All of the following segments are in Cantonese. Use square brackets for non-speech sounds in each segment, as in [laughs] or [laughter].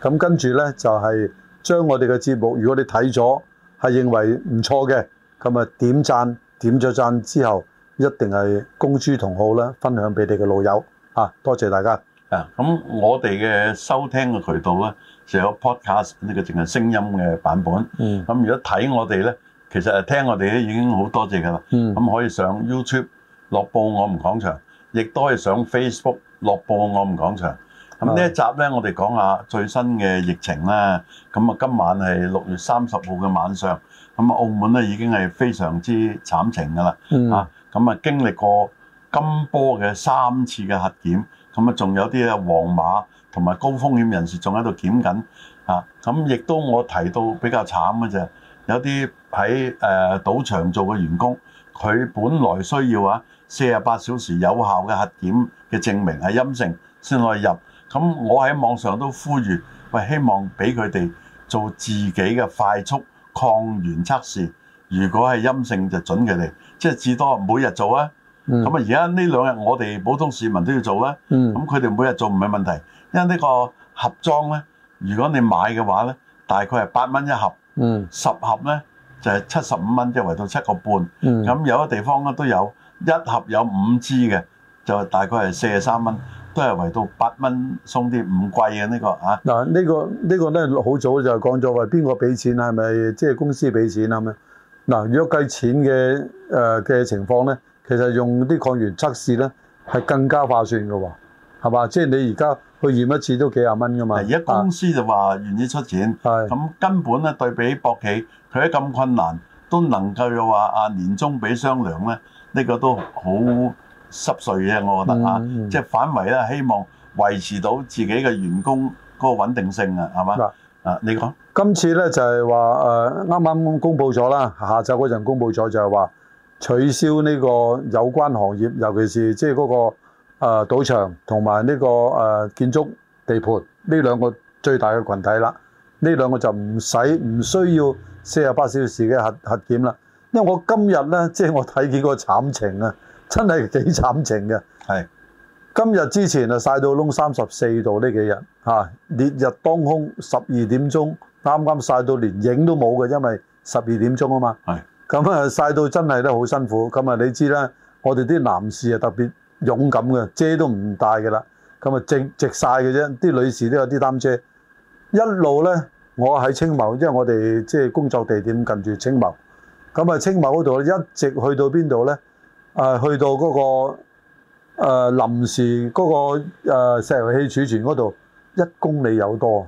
咁跟住呢，就係、是、將我哋嘅節目，如果你睇咗係認為唔錯嘅，咁啊點讚點咗讚之後，一定係公諸同好啦，分享俾你嘅老友、啊、多謝大家。啊，咁我哋嘅收聽嘅渠道呢，就有 Podcast 呢個淨係聲音嘅版本。嗯。咁如果睇我哋呢，其實聽聽我哋咧已經好多謝㗎啦。咁、嗯、可以上 YouTube 落播我唔講場，亦都係上 Facebook 落播我唔講場。咁呢一集呢，我哋講下最新嘅疫情啦。咁啊，今晚係六月三十號嘅晚上。咁啊，澳門呢已經係非常之慘情噶啦。啊、嗯，咁啊，經歷過金波嘅三次嘅核檢，咁啊，仲有啲黃碼同埋高風險人士仲喺度檢緊。啊，咁亦都我提到比較慘嘅啫，有啲喺誒賭場做嘅員工，佢本來需要啊四十八小時有效嘅核檢嘅證明係陰性先可以入。咁我喺網上都呼籲，喂，希望俾佢哋做自己嘅快速抗原測試。如果係陰性就準佢哋，即係至多每日做啊。咁啊、嗯，而家呢兩日我哋普通市民都要做啦。咁佢哋每日做唔係問題，因為呢個盒裝呢，如果你買嘅話呢，大概係八蚊一盒。嗯、十盒呢就係七十五蚊，即係圍到七個半。咁有個地方咧都有一盒有五支嘅，就大概係四十三蚊。都係為到八蚊送啲五貴嘅呢個啊嗱，呢、這個呢個都好早就講咗話邊個俾錢啊？係咪即係公司俾錢係咪啊？咪？嗱，如果計錢嘅誒嘅情況咧，其實用啲抗原測試咧係更加划算嘅喎，係嘛？即係你而家去驗一次都幾十蚊噶嘛。而家公司就話願意出錢，咁、啊、根本咧對比博企，佢喺咁困難都能夠又話啊年終俾商量咧，呢、這個都好。濕碎嘅，我覺得啊，即係、嗯、反為咧，希望維持到自己嘅員工嗰個穩定性啊，係嘛？啊，你講今次咧就係話誒啱啱公佈咗啦，下晝嗰陣公佈咗就係話取消呢個有關行業，尤其是即係嗰個誒賭場同埋呢個誒建築地盤呢兩個最大嘅群體啦。呢兩個就唔使唔需要四十八小時嘅核核檢啦，因為我今日咧即係我睇見個慘情啊！真係幾慘情嘅。係今日之前啊，曬到窿三十四度呢幾日嚇，烈日當空，十二點鐘啱啱曬到連影都冇嘅，因為十二點鐘啊嘛。係咁啊，曬到真係咧好辛苦。咁啊，你知啦，我哋啲男士啊特別勇敢嘅，遮都唔戴嘅啦。咁啊，直直曬嘅啫。啲女士都有啲擔遮。一路咧，我喺青茂，因為我哋即係工作地點近住青茂。咁啊，青茂嗰度一直去到邊度咧？誒、啊、去到嗰、那個誒、呃、臨時嗰、那個、呃、石油氣儲存嗰度一公里有多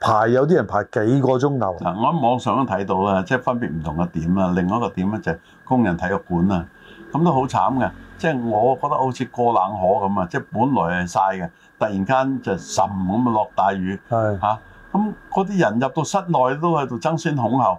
排有啲人排幾個鐘頭啊！我喺網上都睇到啦，即、就、係、是、分別唔同嘅點啦。另外一個點咧就係工人體育館啦，咁都好慘嘅。即、就、係、是、我覺得好似過冷河咁啊！即、就、係、是、本來係曬嘅，突然間就滲咁啊落大雨嚇，咁嗰啲人入到室內都喺度爭先恐後，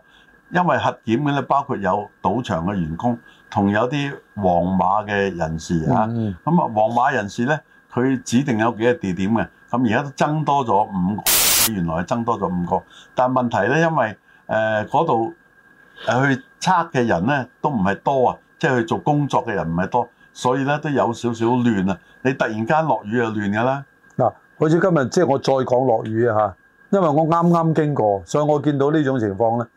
因為核檢嘅咧，包括有賭場嘅員工。同有啲皇馬嘅人士嚇，咁啊、嗯、皇馬人士咧，佢指定有幾個地點嘅，咁而家都增多咗五個，原來增多咗五個，但問題咧，因為誒嗰度誒去測嘅人咧都唔係多啊，即係去做工作嘅人唔係多，所以咧都有少少亂啊，你突然間落雨又亂嘅啦。嗱，好似今日即係我再講落雨啊嚇，因為我啱啱經過，所以我見到呢種情況咧，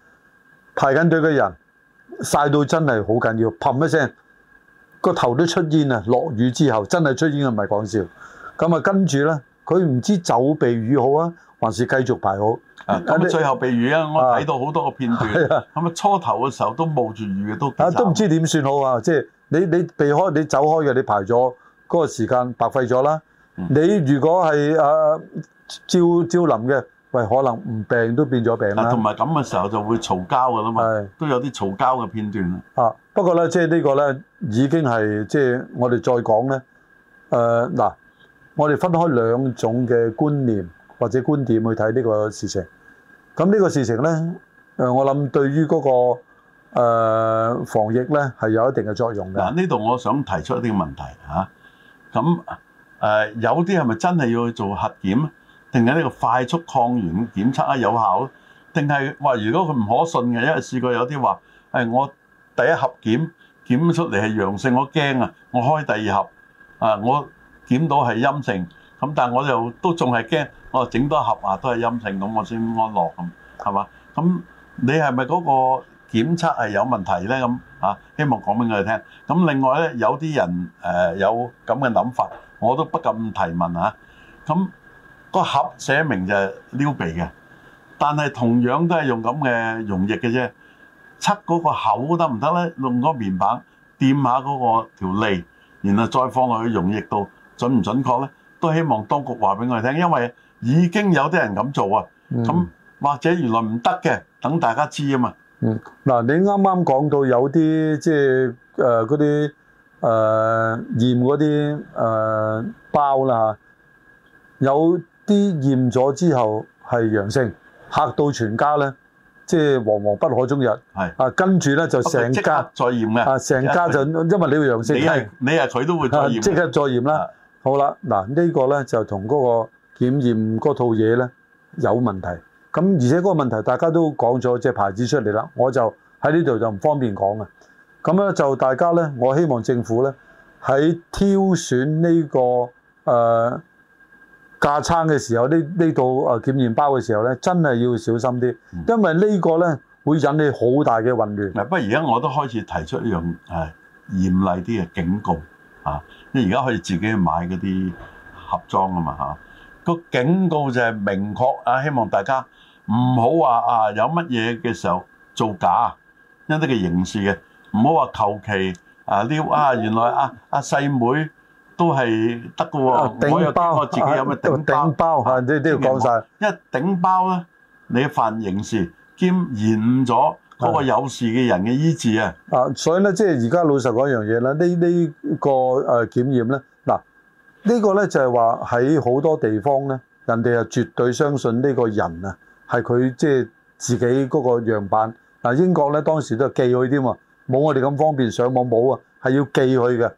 排緊隊嘅人。曬到真係好緊要，砰一聲，個頭都出煙啊！落雨之後真係出煙，唔係講笑。咁啊，跟住咧，佢唔知走避雨好啊，還是繼續排好啊？咁最後避雨啊！你我睇到好多個片段。咁啊，初頭嘅時候都冒住雨嘅都。啊，都唔知點算好啊！即係你你避開你走開嘅，你排咗嗰、那個時間白費咗啦。嗯、你如果係啊，照照淋嘅。喂，可能唔病都變咗病啦。同埋咁嘅時候就會嘈交噶啦嘛，是都有啲嘈交嘅片段。啊，不過咧，即係呢個咧已經係即係我哋再講咧。誒嗱，我哋分開兩種嘅觀念或者觀點去睇呢個事情。咁呢個事情咧，誒我諗對於嗰個誒防疫咧係有一定嘅作用嘅。嗱，呢度我想提出一啲問題嚇。咁誒有啲係咪真係要去做核檢？定緊呢個快速抗原檢測咧有效咧，定係話如果佢唔可信嘅，因為試過有啲話誒我第一盒檢檢出嚟係陽性，我驚啊，我開第二盒啊，我檢到係陰性，咁但係我又都仲係驚，我整多盒啊都係陰性，咁我先安樂咁係嘛？咁你係咪嗰個檢測係有問題咧？咁啊，希望講俾佢哋聽。咁另外咧，有啲人誒有咁嘅諗法，我都不禁提問吓咁。個盒寫明就係撩鼻嘅，但係同樣都係用咁嘅溶液嘅啫。測嗰個口得唔得咧？用個棉棒掂下嗰個條脷，然後再放落去溶液度準唔準確咧？都希望當局話俾我哋聽，因為已經有啲人咁做啊。咁或者原來唔得嘅，等大家知啊嘛。嗯。嗱，你啱啱講到有啲即係誒嗰啲誒驗嗰啲誒包啦，有。啲驗咗之後係陽性，嚇到全家咧，即係惶惶不可終日。係的啊，跟住咧就成家，即刻再驗嘅。啊，成家就因為你要陽性，你係你係佢都會即刻再驗啦。的好啦，嗱、這個、呢個咧就同嗰個檢驗嗰套嘢咧有問題。咁而且嗰個問題大家都講咗隻牌子出嚟啦，我就喺呢度就唔方便講啊。咁咧就大家咧，我希望政府咧喺挑選呢、這個誒。呃架撐嘅時候，呢呢度啊檢驗包嘅時候咧，真係要小心啲，因為呢個呢個咧會引起好大嘅混亂。嗱、嗯，不過而家我都開始提出一樣誒嚴厲啲嘅警告啊！你而家可以自己買嗰啲盒裝嘛啊嘛嚇，嗰個警告就係明確啊，希望大家唔好話啊有乜嘢嘅時候造假，因啲嘅刑事嘅，唔好話求其啊撩啊，啊嗯、原來啊啊細妹,妹。都係得嘅喎，啊、頂包我又經自己有咩頂包吓，呢啲都講晒，因為頂包咧，你犯刑事兼延誤咗嗰個有事嘅人嘅醫治啊。啊，所以咧，即係而家老實講一樣嘢啦。呢、呢、呢個誒、呢個呃、檢驗咧，嗱呢、呢個咧就係話喺好多地方咧，人哋係絕對相信呢個人啊，係佢即係自己嗰個樣板。嗱英國咧當時都寄去添喎，冇我哋咁方便上網冇啊，係要寄去嘅。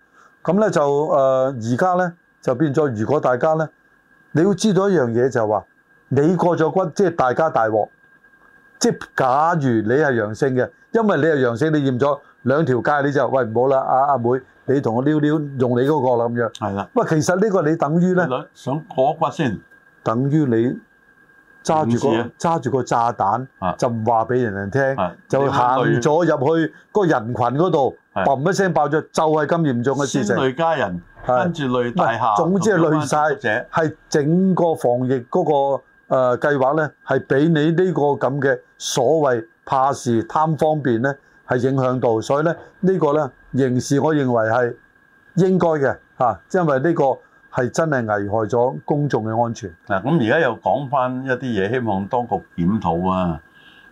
咁咧就誒，而家咧就變咗。如果大家咧，你要知道一樣嘢就係話，你過咗骨，即係大家大鑊。即係假如你係陽性嘅，因為你係陽性，你驗咗兩條街，你就喂唔好啦，阿阿、啊啊、妹，你同我撩撩用你嗰個啦咁樣。係啦的。喂，其實呢個你等於咧，想過骨先，等於你揸住、個揸住、啊、個炸彈，的就唔話俾人哋聽，的就行咗入去嗰人群嗰度。嘣是一聲爆咗，就係咁嚴重嘅事情，先累家人是跟住累大廈，總之係累晒，者。係整個防疫嗰，那個誒計劃咧，係、呃、俾你呢個咁嘅所謂怕事貪方便咧，係影響到，所以咧呢，這個咧刑事我認為係應該嘅吓，因為呢個係真係危害咗公眾嘅安全。嗱，咁而家又講翻一啲嘢，希望當局檢討啊，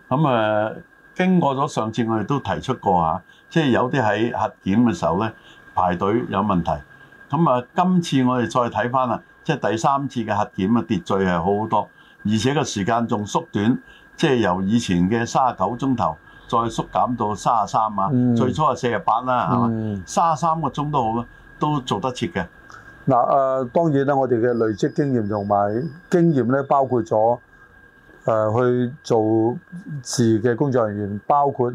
咁啊，呃，經過咗上次我哋都提出過啊。即係有啲喺核檢嘅時候咧排隊有問題，咁啊今次我哋再睇翻啦，即係第三次嘅核檢啊，秩序係好好多，而且個時間仲縮短，即係由以前嘅三十九鐘頭再縮減到三十三啊，最初係四十八啦，係嘛、嗯，三十三個鐘都好啊，都做得切嘅。嗱誒，當然啦，我哋嘅累積經驗同埋經驗咧，包括咗誒、呃、去做事嘅工作人員，包括。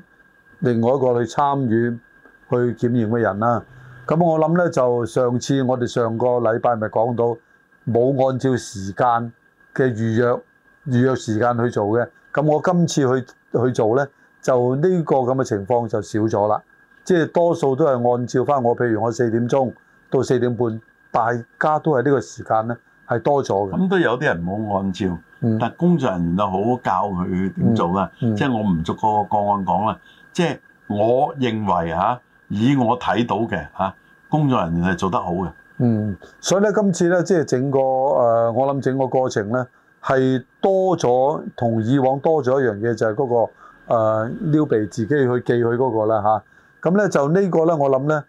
另外一個去參與去檢驗嘅人啦，咁我諗咧就上次我哋上個禮拜咪講到冇按照時間嘅預約預約時間去做嘅，咁我今次去去做咧，就呢個咁嘅情況就少咗啦，即係多數都係按照翻我，譬如我四點鐘到四點半，大家都係呢個時間咧，係多咗嘅。咁都有啲人冇按照，但工作人員又好教佢點做啦，即係我唔逐個個案講啦。嗯即係我認為嚇，以我睇到嘅嚇，工作人員係做得好嘅。嗯，所以咧今次咧，即係整個誒，我諗整個過程咧係多咗同以往多咗一樣嘢，就係嗰個誒撩鼻自己去寄佢嗰個啦嚇。咁咧就呢個咧，我諗咧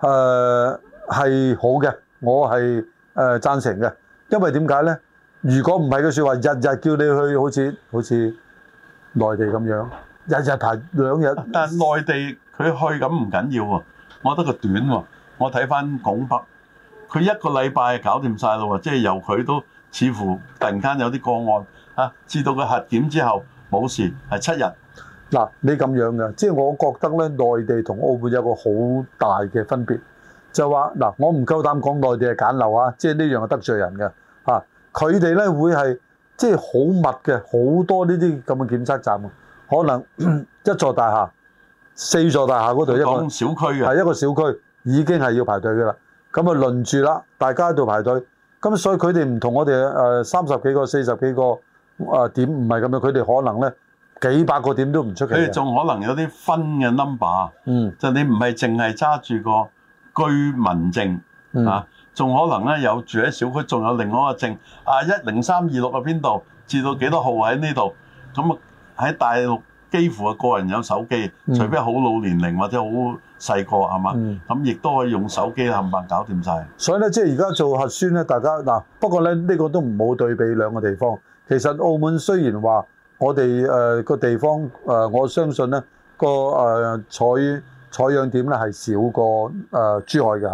誒係好嘅，我係誒贊成嘅，因為點解咧？如果唔係嘅説話，日日叫你去好似好似內地咁樣。日日排兩日，但內地佢去咁唔緊要喎，我覺得佢短喎。我睇翻廣北，佢一個禮拜搞掂晒啦喎，即係由佢都似乎突然間有啲個案嚇，至到佢核檢之後冇事，係七日。嗱，你咁樣嘅，即係我覺得咧，內地同澳門有個好大嘅分別，就話嗱，我唔夠膽講內地係簡陋啊，即係呢樣係得罪人嘅嚇。佢哋咧會係即係好密嘅，好多呢啲咁嘅檢測站。可能一座大廈、四座大廈嗰度一,一個小區，係一個小區，已經係要排隊嘅啦。咁啊，輪住啦，大家喺度排隊。咁所以佢哋唔同我哋誒三十幾個、四十幾個啊、呃、點，唔係咁樣。佢哋可能咧幾百個點都唔出奇。佢哋仲可能有啲分嘅 number，、嗯、就你唔係淨係揸住個居民證啊，仲可能咧有住喺小區，仲有另外一個證啊一零三二六，喺邊度，至到幾多號喺呢度咁啊。嗯喺大陸幾乎個個人有手機，除非好老年齡或者好細個係嘛，咁亦、嗯、都可以用手機冚唪唥搞掂晒。所以咧，即係而家做核酸咧，大家嗱，不過咧呢、呢個都唔好對比兩個地方。其實澳門雖然話我哋誒個地方誒、呃，我相信咧個誒、呃、採採樣點咧係少過誒、呃、珠海嘅嚇，誒、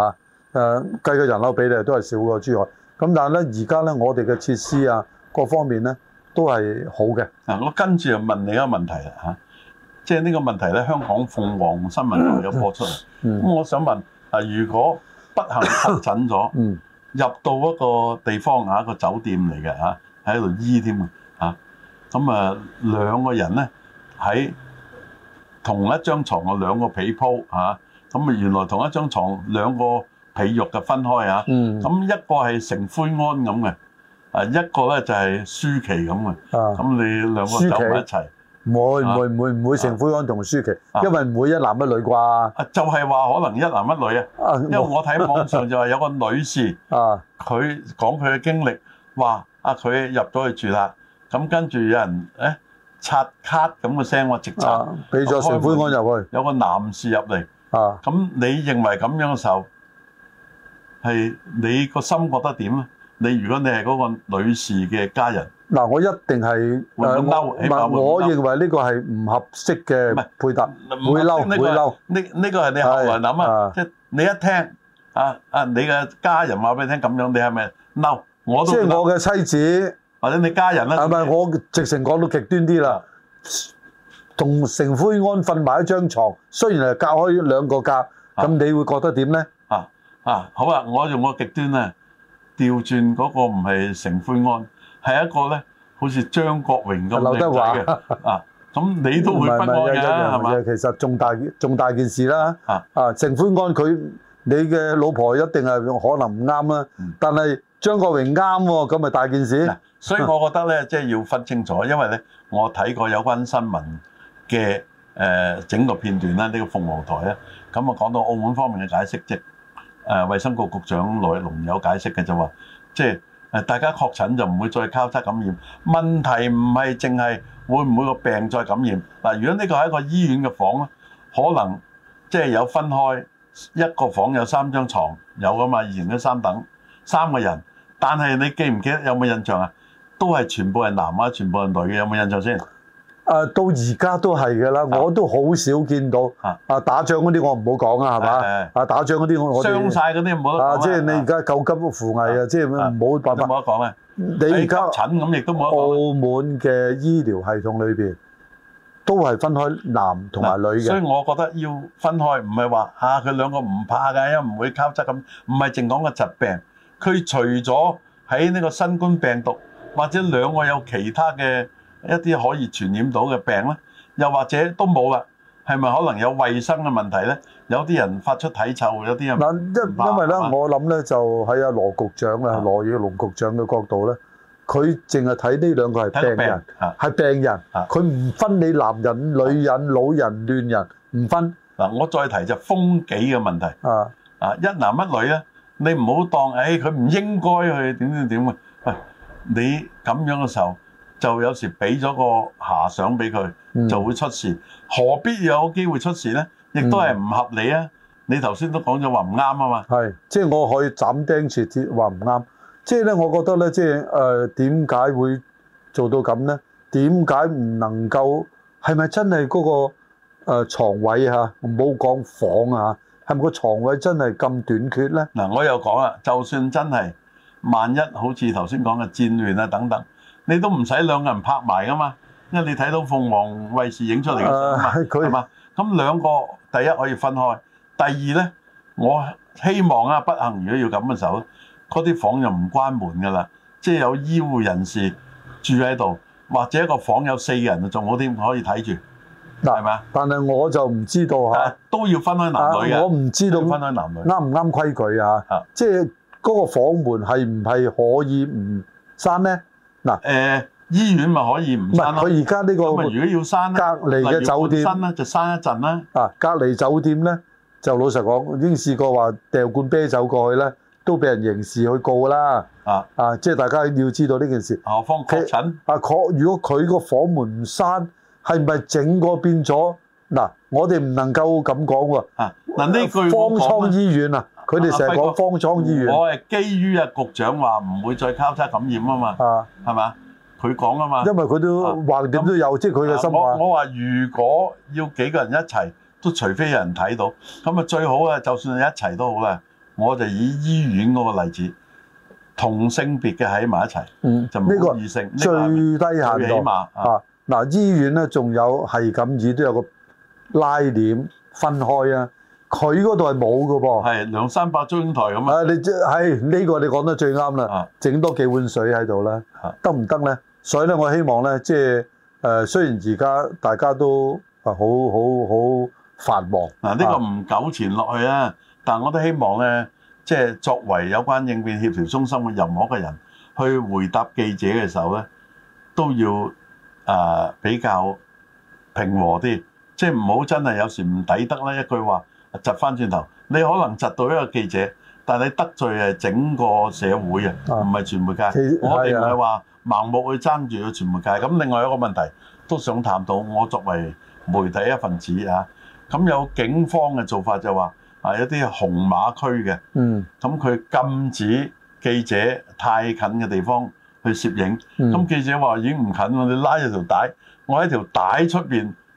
啊、計個人口比例都係少過珠海。咁但係咧，而家咧我哋嘅設施啊，各方面咧。都係好嘅。嗱、啊，我跟住就問你一個問題啦嚇、啊，即係呢個問題咧，香港鳳凰新聞台有播出嚟。咁、嗯、我想問啊，如果不幸確診咗，嗯、入到一個地方啊，一個酒店嚟嘅嚇，喺度醫添啊。咁啊，兩、啊、個人咧喺同一張床有兩個兩個被鋪嚇，咁啊原來同一張床，兩個被褥嘅分開嚇。咁、啊嗯啊、一個係成灰安咁嘅。啊，一個咧就係舒淇咁啊，咁你兩個走埋一齊，唔會唔會唔會唔會成灰安同舒淇，因為唔會一男一女啩？啊，就係話可能一男一女啊，因為我睇網上就係有個女士啊，佢講佢嘅經歷，話啊佢入咗去住啦，咁跟住有人咧插卡咁嘅聲，我直接，俾咗成灰安入去，有個男士入嚟啊，咁你認為咁樣嘅時候，係你個心覺得點啊？你如果你係嗰個女士嘅家人，嗱，我一定係會嬲，起碼會嬲。我認為呢個係唔合適嘅配搭，會嬲，會嬲。呢呢個係你後來諗啊，即係你一聽啊啊，你嘅家人話俾你聽咁樣，你係咪嬲？我都即係我嘅妻子，或者你家人咧？係咪，我直情講到極端啲啦，同成灰安瞓埋一張牀，雖然係隔開兩個格，咁你會覺得點咧？啊啊，好啊，我用個極端啊！調轉嗰個唔係成寬安，係一個咧，好似張國榮咁，劉德華嘅 [laughs] 啊，咁你都會不安嘅，係咪？吧其實重大重大件事啦，啊，啊，成寬安佢，你嘅老婆一定係可能唔啱啦，嗯、但係張國榮啱喎、哦，咁咪大件事。所以我覺得咧，即、就、係、是、要分清楚，因為咧，我睇過有關新聞嘅誒、呃、整個片段啦，呢、這個鳳凰台啊，咁啊講到澳門方面嘅解釋啫。誒、啊，衛生局局長羅奕龍有解釋嘅就話，即、就、係、是、大家確診就唔會再交叉感染。問題唔係淨係會唔會個病再感染。嗱、啊，如果呢個係一個醫院嘅房，可能即係、就是、有分開一個房有三張床，有㗎嘛，以前嗰三等三個人。但係你記唔記得有冇印象啊？都係全部係男啊，全部係女嘅，有冇印象先？誒、啊、到而家都係嘅啦，的我都好少見到的啊！打仗嗰啲我唔好講啦，係嘛的？啊，打仗嗰啲我傷晒。嗰啲唔好，啊！即係你而家救急嘅扶危啊！的即係冇辦法冇得講嘅。的你而家、哎、診咁亦都冇得澳門嘅醫療系統裏邊都係分開男同埋女嘅，所以我覺得要分開，唔係話嚇佢兩個唔怕嘅，因為唔會交叉咁。唔係淨講個疾病，佢除咗喺呢個新冠病毒或者兩個有其他嘅。一啲可以傳染到嘅病咧，又或者都冇啦，係咪可能有衞生嘅問題咧？有啲人發出體臭，有啲人嗱，因因為咧，我諗咧就喺阿羅局長啊，羅宇龍局長嘅角度咧，佢淨係睇呢兩個係睇病人，係病人，佢唔分你男人、女人、老人、亂人，唔分嗱。我再提就風紀嘅問題啊啊，一男一女咧，你唔好當誒，佢唔應該去點點點嘅，喂，你咁樣嘅時候。就有時俾咗個下想俾佢，就會出事。嗯、何必有機會出事呢？亦都係唔合理啊！你頭先都講咗話唔啱啊嘛。係，即係我可以斬釘截鐵話唔啱。即係咧，我覺得咧，即係誒點解會做到咁呢？點解唔能夠係咪真係嗰、個、呃、床位嚇、啊？唔好講房啊，係咪個床位真係咁短缺呢？嗱，我又講啦，就算真係萬一好似頭先講嘅戰亂啊等等。你都唔使兩個人拍埋噶嘛，因為你睇到鳳凰衞視影出嚟嘅相嘛，係嘛、啊？咁兩個第一可以分開，第二咧，我希望啊，不幸如果要咁嘅時候，嗰啲房又唔關門噶啦，即係有醫護人士住喺度，或者一個房有四個人仲好啲，可以睇住，係咪、啊、吧但係我就唔知道嚇、啊啊，都要分開男女嘅、啊。我唔知道分開男女啱唔啱規矩啊？即係嗰個房門係唔係可以唔閂咧？嗱，誒、呃、醫院咪可以唔閂佢，而家呢個如果要隔離嘅酒店就閂一陣啦。啊，隔離酒店咧就老實講，已經試過話掉罐啤酒過去咧，都俾人刑事去告啦。啊啊，即係大家要知道呢件事。啊，確診啊，如果佢個房門唔閂，係咪整個變咗？嗱，我哋唔能夠咁講喎。啊，嗱、啊、呢句方艙醫院啊。佢哋成日講方艙醫院，啊、我係基於啊局長話唔會再交叉感染啊嘛，係、啊、嘛？佢講啊嘛，因為佢都話點、啊、都有，即係佢嘅心話。我我話如果要幾個人一齊，都除非有人睇到，咁啊最好啊，就算一齊都好啊。我就以醫院嗰個例子，同性別嘅喺埋一齊，嗯、就冇異性，最低限度。最起碼啊嗱，醫院咧仲有係咁，以都有個拉鏈分開啊。佢嗰度係冇噶噃，係兩三百張台咁、呢個、啊！你即係呢個你講得最啱啦，整多幾碗水喺度、啊、呢，得唔得咧？所以咧，我希望咧，即係誒、呃，雖然而家大家都啊好好好繁忙，嗱呢、啊呢個唔糾纏落去咧，但我都希望咧，即係作為有關應變協調中心嘅任何一個人去回答記者嘅時候咧，都要誒、呃、比較平和啲，即係唔好真係有時唔抵得呢一句話。窒翻轉頭，你可能窒到一個記者，但係你得罪係整個社會啊，唔係傳媒界。我哋唔係話盲目去爭住個傳媒界。咁另外一個問題都想談到，我作為媒體一份子啊，咁有警方嘅做法就話啊，有啲紅馬區嘅，咁佢禁止記者太近嘅地方去攝影。咁記者話已經唔近啦，你拉咗條帶，我喺條帶出邊。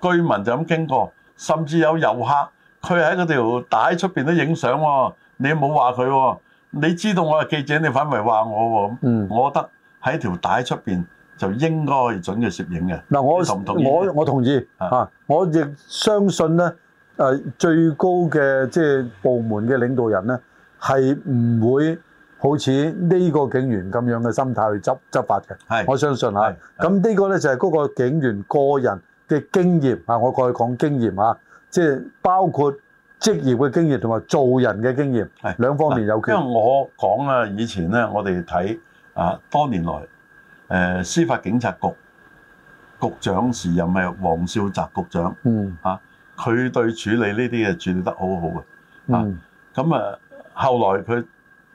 居民就咁經過，甚至有遊客佢喺嗰條帶出面都影相喎，你冇話佢喎，你知道我係記者，你反為話我喎，嗯、我覺得喺條帶出面就應該準嘅攝影嘅。嗱、同唔同意？嗯，我我我同意，是我亦相信咧、呃，最高嘅即係部門嘅領導人咧，係唔會好似呢個警員咁樣嘅心態去執執法嘅。是我相信嚇。咁呢個咧就係、是、嗰個警員個人。嘅經驗啊，我過去講經驗啊，即係包括職業嘅經驗同埋做人嘅經驗，經驗係兩方面有。因為我講啊，以前咧，我哋睇啊，多年來，誒、啊、司法警察局局長時任係黃少澤局長，嗯，嚇佢、啊、對處理呢啲嘢處理得好好嘅，啊，咁、嗯、啊，後來佢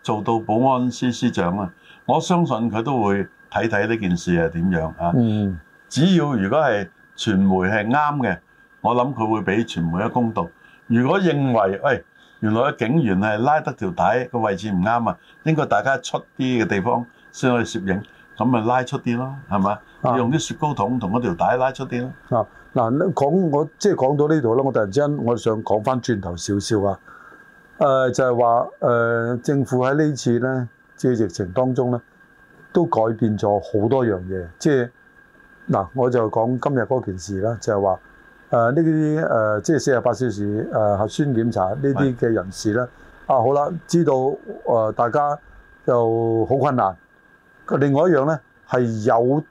做到保安司司長啊，我相信佢都會睇睇呢件事係點樣啊，只要如果係。傳媒係啱嘅，我諗佢會俾傳媒一個公道。如果認為，喂，原來個警員係拉得條帶個位置唔啱啊，應該大家出啲嘅地方先可以攝影，咁咪拉出啲咯，係咪？你用啲雪糕筒同嗰條帶拉出啲咯。啊，嗱，講我即係講到呢度啦，我突然之間我想講翻轉頭少少啊。誒就係話誒政府喺呢次呢，即係疫情當中呢，都改變咗好多樣嘢，即係。嗱，我就講今日嗰件事啦，就係話誒呢啲誒，即係四十八小時誒核酸檢查呢啲嘅人士咧，的啊好啦，知道誒、呃、大家又好困難。另外一樣咧係有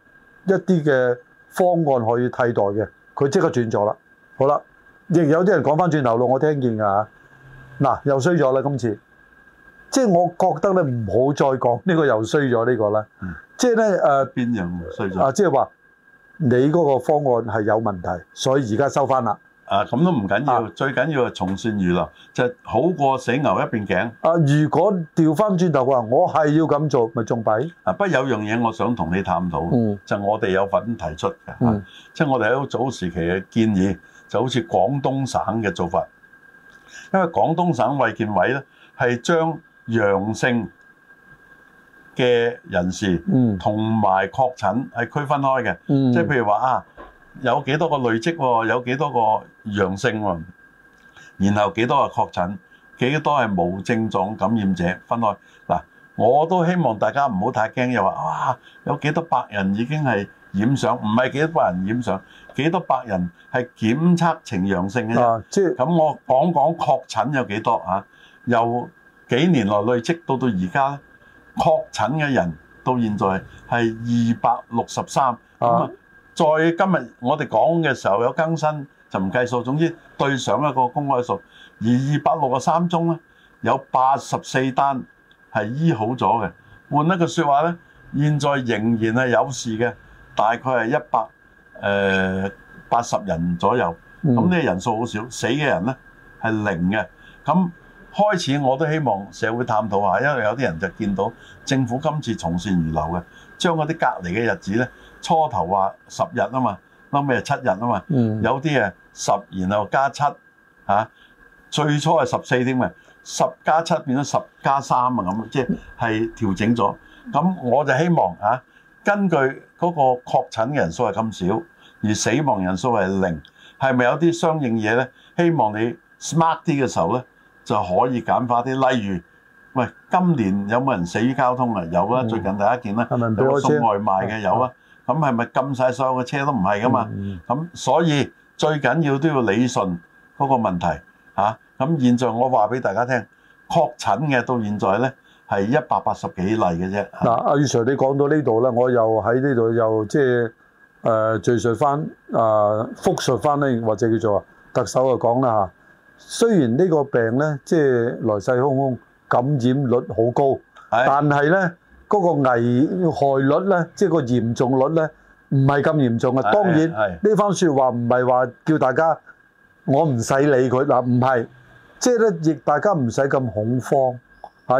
一啲嘅方案可以替代嘅，佢即刻轉咗啦。好啦，亦有啲人講翻轉頭路，我聽見㗎嚇、啊。嗱，又衰咗啦，今次即係我覺得咧唔好再講呢個又衰咗呢個啦。即係咧誒邊樣衰咗啊？即係話。你嗰個方案係有問題，所以而家收翻啦。啊，咁都唔緊要、啊、重要，最緊要係從善如流，就係、好過死牛一邊頸。啊，如果調翻轉頭話，我係要咁做，咪仲弊？啊，不有樣嘢我想同你探討，嗯、就係我哋有份提出嘅即係我哋喺好早時期嘅建議，就好似廣東省嘅做法，因為廣東省衛健委咧係將陽性。嘅人士，嗯，同埋確診係區分開嘅，嗯，即係譬如話啊，有幾多個累積喎，有幾多個陽性喎，然後幾多個確診，幾多係無症狀感染者分開嗱，我都希望大家唔好太驚，又話哇，有幾多百人已經係染上，唔係幾多百人染上，幾多百人係檢測呈陽性嘅啫，咁我講講確診有幾多啊？由幾年來累積到到而家。確診嘅人到現在係二百六十三，咁啊，再今日我哋講嘅時候有更新就唔計數，總之對上一個公開數。而二百六十三宗咧，有八十四單係醫好咗嘅。換一句説話咧，現在仍然係有事嘅，大概係一百誒八十人左右。咁呢、嗯、個人數好少，死嘅人咧係零嘅。咁開始我都希望社會探討下，因為有啲人就見到政府今次從善如流嘅，將嗰啲隔離嘅日子呢，初頭話十日啊嘛，後屘七日啊嘛，有啲啊十然後加七嚇、啊，最初係十四添啊，十加七變咗十加三啊咁，即係係調整咗。咁我就希望嚇、啊，根據嗰個確診嘅人數係咁少，而死亡人數係零，係咪有啲相應嘢呢？希望你 smart 啲嘅時候呢。就可以簡化啲，例如喂，今年有冇人死於交通啊？有啊，嗯、最近大家見啦，嗯、送外賣嘅有啊。咁係咪禁晒所有嘅車都唔係噶嘛？咁、嗯、所以、嗯、最緊要都要理順嗰個問題咁、啊、現在我話俾大家聽，確診嘅到現在咧係一百八十幾例嘅啫。嗱，阿、余、Sir，你講到呢度咧，我又喺呢度又即係誒敘述翻誒複述翻咧，或者叫做特首啊講啦吓雖然呢個病呢，即係來勢洶洶，感染率好高，但係呢嗰個危害率呢，即係個嚴重率呢，唔係咁嚴重啊。當然呢番説話唔係話叫大家我唔使理佢嗱，唔係即係呢，亦大家唔使咁恐慌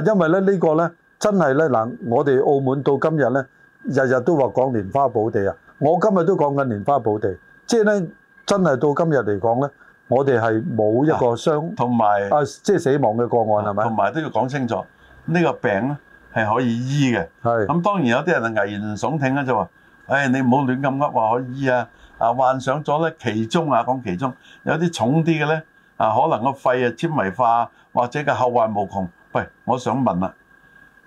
嚇，因為呢呢個呢真係呢嗱，我哋澳門到今日呢日日都話講蓮花寶地啊，我今日都講緊蓮花寶地，即係呢真係到今日嚟講呢。我哋係冇一個傷同埋啊，即係、啊即係、死亡嘅個案係咪？同埋都要講清楚呢，呢個病咧係可以醫嘅。係咁的，當然有啲人就危言聳聽啊，就話：唉、哎，你唔好亂咁噏話可以醫啊！啊，患上咗咧，其中啊講其中有啲重啲嘅咧啊，可能個肺啊纖維化或者嘅後患無窮。喂，我想問啊，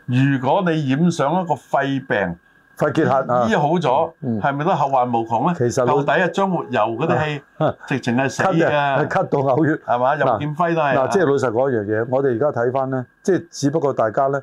如果你染上一個肺病，肺結核啊，醫好咗，係咪、嗯嗯、都後患無窮咧？其實到底啊，將沒油嗰啲氣，直情係死㗎，係咳到嘔血，係嘛？任劍輝都係。嗱，即係老實講一樣嘢，啊、我哋而家睇翻咧，即係只不過大家咧，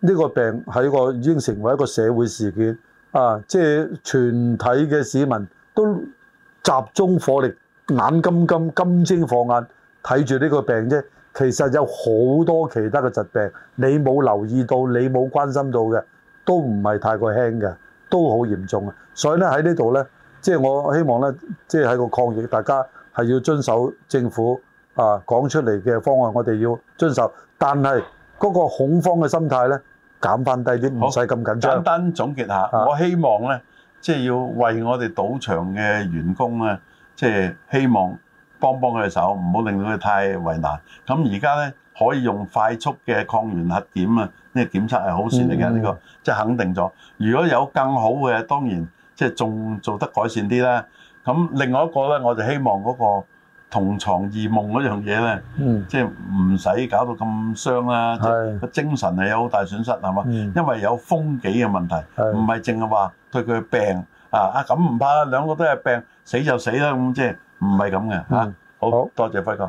呢、這個病係一個已經成為一個社會事件啊！即係全體嘅市民都集中火力，眼金金、金睛火眼睇住呢個病啫。其實有好多其他嘅疾病，你冇留意到，你冇關心到嘅。都唔係太過輕嘅，都好嚴重啊！所以咧，喺呢度呢，即係我希望呢，即係喺個抗疫，大家係要遵守政府啊講出嚟嘅方案，我哋要遵守。但係嗰個恐慌嘅心態呢，減翻低啲，唔使咁緊張。簡單總結下，我希望呢，即係要為我哋賭場嘅員工呢，即係希望。幫幫佢嘅手，唔好令到佢太為難。咁而家咧可以用快速嘅抗原核檢啊，呢個檢測係好事嚟嘅，呢個即係肯定咗。如果有更好嘅，當然即係仲做得改善啲啦。咁另外一個咧，我就希望嗰個同床異夢嗰樣嘢咧，即係唔使搞到咁傷啦。即係個精神係有好大損失係嘛，因為有風紀嘅問題，唔係淨係話對佢嘅病啊啊咁唔怕，兩個都係病，死就死啦咁即係。唔係咁嘅嚇，的好，好多謝輝哥。